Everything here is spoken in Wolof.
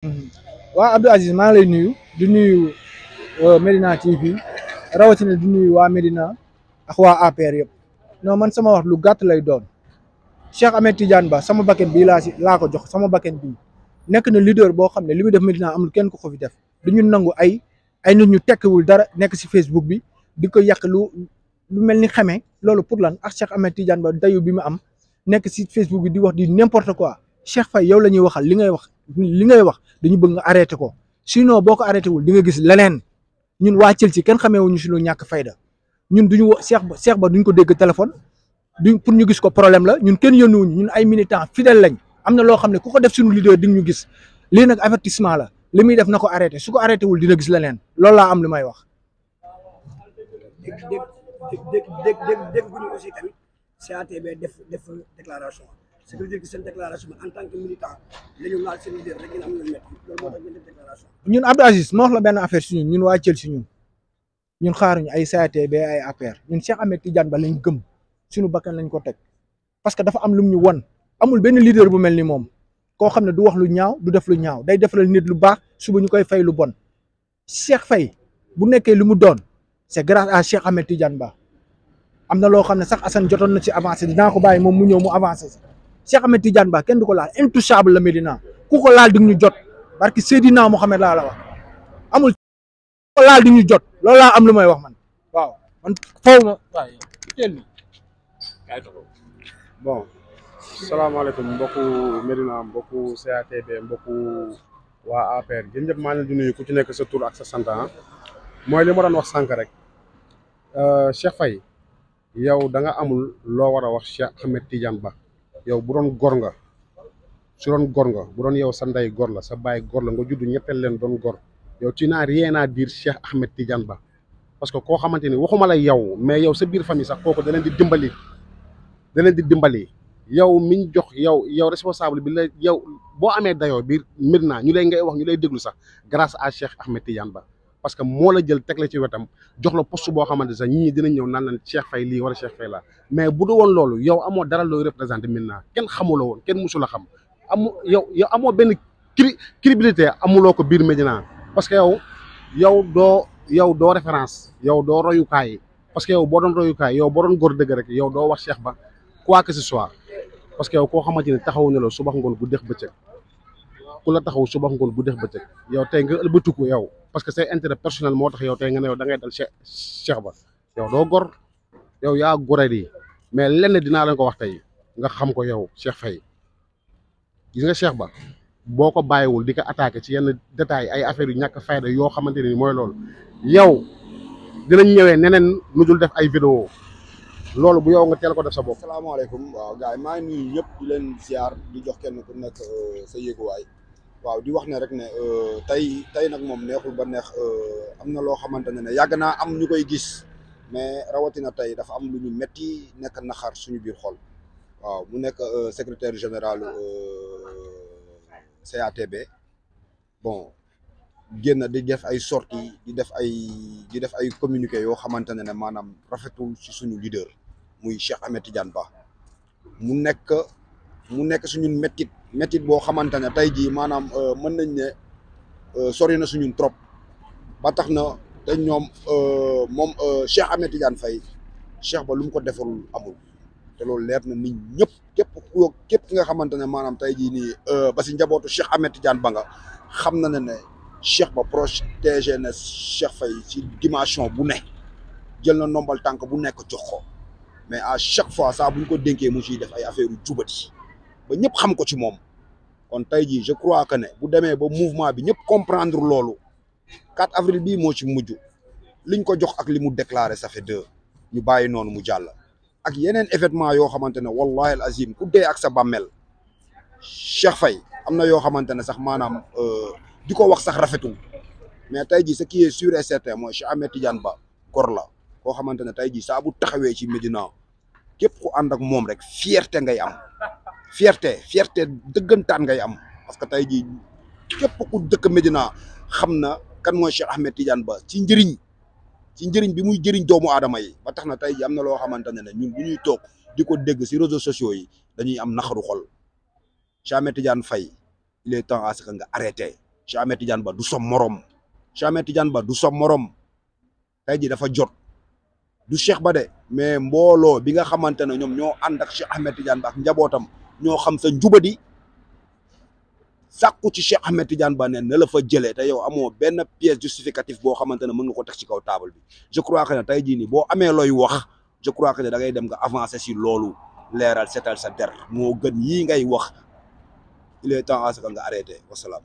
Mm-hmm. waa Abdou Aziz maa lay nuyu di nuyu euh, Medina TV rawatina di nuyu waa Medina ak waa APR yëpp noo man sama wax lu gàtt lay doon Cheikh Ahmed Tidiane Ba sama bakken bii laa si laa ko jox sama bakken bi nekk na leader boo xam ne li muy def Medina amul kenn ko ko fi def du ñu nangu ay ay nit ñu tekkiwul dara nekk si Facebook bi di ko yàq lu lu mel ni xamee loolu pour lan ak Cheikh Ahmed Tidiane Ba dayu bi mu am nekk si Facebook bi di wax di n'importe quoi Cheikh Faye yow la ñuy waxal li ngay wax li ngay wax. dañu bëgg nga arrêté ko sinon boo ko arrêté wul di nga gis leneen ñun waa Thiel ken xamee wuñu si lu ñàkk fayda ñun duñu wo Cheikh Ba Cheikh Ba duñ ko dégg téléphone duñ pour ñu gis ko problème la ñun kenn yónnuwuñu ñun ay militants fidèles lañ am na loo xam ne ku ko def suñu leader di ñu gis lii nag avertissement la li muy def na ko arrêté su ko arrêté wul dina gis leneen loolu laa am li may wax. dégg dégg dégg dégg guñu déclaration. ce qui veut dire que seen déclaration bi en tant la moo wax la benn affaire si ñun ñun waa Thiel si ñun ñun xaaruñu ay CATB ay APR ñun seex amee Tidiane Ba lañ gëm suñu bakkan lañ ko teg parce que dafa am lum ñu won amul benn leader bu mel ni moom koo xam ne du wax lu ñaaw du def lu ñaaw day def defaral nit lu baax suba ñu koy fay lu bon Cheikh Faye bu nekkee lu mu doon c'est grâce à Cheikh Ahmed Tidiane Ba am na loo xam ne sax Assane jotoon na ci avancé dinaa ko bàyyi moom mu ñëw mu avancé Cheikh Ahmed Tidiane Ba kenn du ko laal intouchable la Médina ku ko laal di ñu jot parce que Seydina Mohamed laa la wax amul ko laal di jot loolu lu may wax man waaw man faw ma waaye teel bon salaamaaleykum mbokku Médina mbokku CATB mbokku waa APR yéen ñëpp maa ngi leen di nuyu ku ci nekk sa tur ak sa sant ah. mooy li ma wax sànq rek euh, Cheikh Faye yow danga amul loo war a wax Cheikh Ahmed Tidiane Ba yow bu doon gor nga su doon gor nga bu doon yow sa ndey gor la sa baay gor la nga juddu ñetteel leen doon gor yow tu n'as rien à dire Cheikh Ahmed Tidiane Ba parce que koo xamante ni waxuma la yow mais yow sa biir famille sax kooku da di dimbali da di dimbali yow miñ jox yow yow responsable bi la yow boo amee dayoo biir Medina ñu lay ngay wax ñu lay déglu sax grâce à Cheikh Ahmed Tidiane Ba parce que moo la jël teg la ci wetam jox la post boo xamante sax ñi dinañ ñëw naan la Cheikh Faye lii a Cheikh Faye laa mais bu du woon loolu yow amoo dara looy représenté maintenant kenn xamuloo woon kenn musu la xam amu yow yow amoo benn cri crédibilité amuloo ko biir Médina parce que yow yow doo yow doo référence yow doo royukaay parce que yow boo doon royukaay yow boo doon góor dëgg rek yow doo wax Cheikh Ba quoi que ce soit parce que yow koo xamante ne taxawu na la subax ngoon bu dex bëccëg ku la taxaw subax bu dex bëccëg yow tey nga ëlbatiku yow. parce que c'est intérêt personnel moo tax yow tey nga ne yow da ngay dal Cheikh Cheikh Ba yow doo gor yow yaa gore di mais lenn dinaa leen ko wax tey nga xam ko yow Cheikh Faye gis nga Cheikh Ba boo ko bàyyiwul di ko attaqué ci yenn détails ay affaires yu ñàkk fayda yoo xamante ne ni mooy loolu yow dinañ ñëwee neneen nu dul def ay vidéo loolu bu yow nga teel ko def sa bopp. salaamaaleykum waaw gars yi maa ngi nuyu ñëpp leen ziar di jox kenn ku nekk euh, sa yéeguwaay. waaw di wax ne rek ne euh, tey tey nag moom neexul ba neex euh, am na loo xamante ne ne yàgg naa am ñu koy gis mais rawatina tey dafa am lu ñu metti nekk naxar suñu biir xol waaw mu nekk euh, secrétaire général CATB bon génn di def ay sorties di def ay di def ay communiqué yoo xamante ne ne maanaam rafetul ci suñu leader muy Cheikh Ahmed Tidiane Ba mu nekk mu nekk suñu mettit métit boo xamante ne tey jii maanaam euh, mën nañ ne euh, sori na suñun trop ba tax na te ñoom euh, moom Cheikh Ahmed Tidiane Faye Cheikh ba lu mu ko defarul amul te loolu leer na nit ñëpp képp ku képp ki nga xamante ne maanaam tey jii nii ba si njabootu Cheikh Ahmed Tidiane ba nga xam na ne ne Cheikh ba protégé na Cheikh Faye ci dimension bu ne jël na ndombal tànk bu nekk jox ko mais à chaque fois saa bu ñu ko dénkee mu ciy def ay affaire yu jubati ba ñëpp xam ko ci moom kon tey jii je crois que ne bu demee ba mouvement bi ñëpp comprendre loolu 4 avril bii moo ci mujj liñ ko jox ak li mu déclaré ça deux ñu bàyyi noonu mu jàll ak yeneen événement yoo xamante ne wallahi al azim ku dee ak sa bàmmeel Cheikh Faye am na yoo xamante ne sax maanaam euh, di ko wax sax rafetul mais tey jii ce qui est sûr et certain mooy Cheikh Ahmed Tidiane Ba gor la koo xamante ne tey jii saa bu taxawee ci Médina képp ku ànd ak moom rek fierté ngay am fierté fierté dëggantaan ngay am parce que tey jii képp ku dëkk Médina xam na kan mooy Cheikh Ahmed Tidiane Ba ci njëriñ ci njëriñ bi muy jëriñ doomu aadama yi ba tax na tey jii am na loo xamante ne ne ñun bu ñuy toog di ko dégg si réseaux sociaux yi dañuy am naxaru xol Cheikh Ahmed Tidiane Faye temps à que nga arrêté Cheikh Ba du som morom Cheikh Ahmed Ba du som morom tey jii dafa jot du Cheikh Ba de mais mbooloo bi nga xamante ne ñoom ñoo ànd ak Cheikh Ahmed Tidiane Ba ak njabootam ñoo xam sa di sàkku ci Cheikh Ahmed Tidiane Ba ne na la fa jëlee te yow amoo benn pièce justificative boo xamante ne mën nga ko teg ci kaw taabal bi je crois que ne tey jii nii boo amee looy wax je crois que ne da dem nga avancer si loolu leeral setal sa der moo gën yii ngay wax il temps à ce que nga arrêté wasalaam